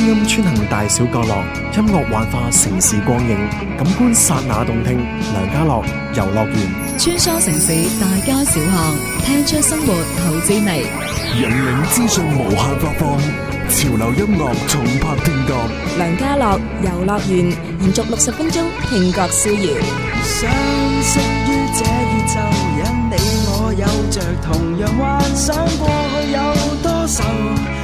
聲音穿行大小角落，音樂幻化城市光影，感官剎那動聽。梁家樂遊樂園穿梭城市大街小巷，聽出生活好滋味，引領資訊無限發放，潮流音樂重拍電奪。梁家樂遊樂園延續六十分鐘聽覺逍遙。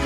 相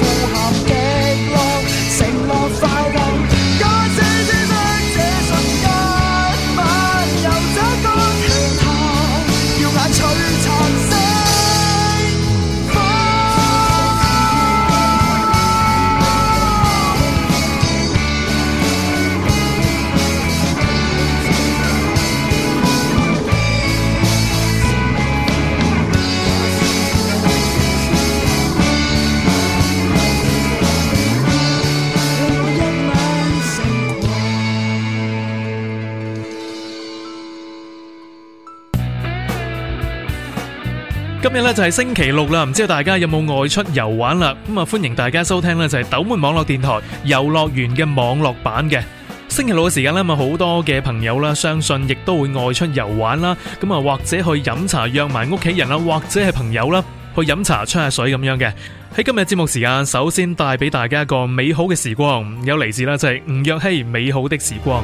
今日咧就係星期六啦，唔知道大家有冇外出遊玩啦？咁啊歡迎大家收聽咧就係斗門網絡電台遊樂園嘅網絡版嘅。星期六嘅時間咧，咁啊好多嘅朋友啦，相信亦都會外出遊玩啦。咁啊或者去飲茶，約埋屋企人啦，或者係朋友啦去飲茶吹下水咁樣嘅。喺今日節目時間，首先帶俾大家一個美好嘅時光，有嚟自啦就係吳若希《美好的時光》。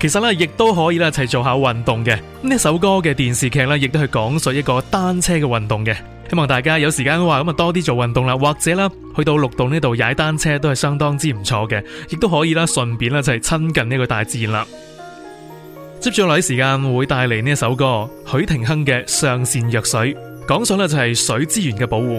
其實咧，亦都可以啦，一齊做下運動嘅。呢首歌嘅電視劇呢，亦都係講述一個單車嘅運動嘅。希望大家有時間嘅話，咁啊多啲做運動啦，或者啦，去到綠道呢度踩單車都係相當之唔錯嘅，亦都可以啦，順便啦就係親近呢個大自然啦。接住落嚟時間會帶嚟呢首歌，許廷鏗嘅《上善若水》講是水，講述呢就係水資源嘅保護。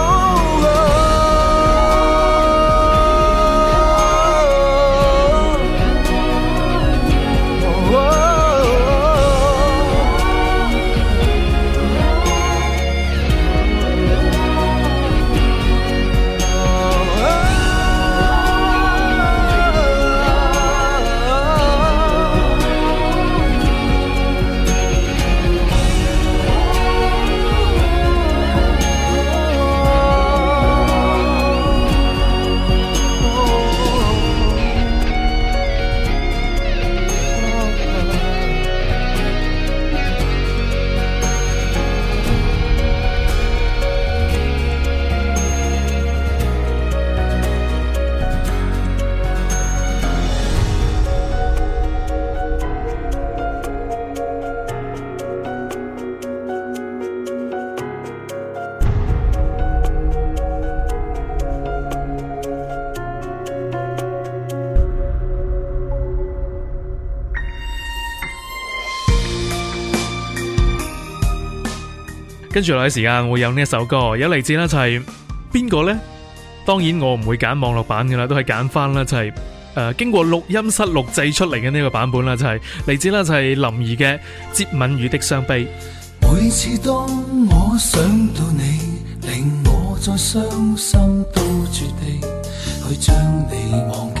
跟住落喺時間會有呢一首歌，有嚟自咧就係邊個咧？當然我唔會揀網絡版噶啦，都係揀翻啦，就係、是、誒、呃、經過錄音室錄製出嚟嘅呢個版本啦，就係、是、嚟自咧就係、是、林儀嘅《接吻雨的傷悲》。每次當我想到你，令我再傷心都絕地去將你忘記。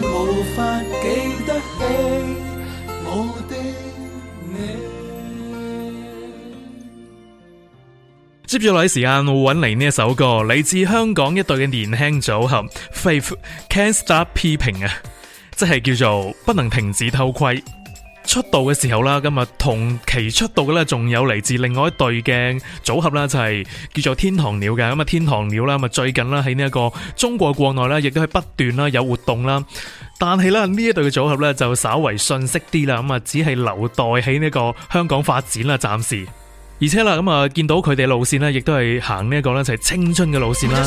無法記得起，的你接住落嚟時間，我揾嚟呢一首歌，嚟自香港一隊嘅年輕組合，Faith Can't Stop 批評啊，即係叫做不能停止偷窺。出道嘅時候啦，咁啊同期出道嘅咧，仲有嚟自另外一對嘅組合啦，就係、是、叫做天堂鳥嘅，咁啊天堂鳥啦，咁啊最近啦喺呢一個中國國內咧，亦都係不斷啦有活動啦，但係啦呢一對嘅組合咧就稍為遜色啲啦，咁啊只係留待喺呢個香港發展啦，暫時，而且啦咁啊見到佢哋路線呢，亦都係行呢一個咧就係青春嘅路線啦。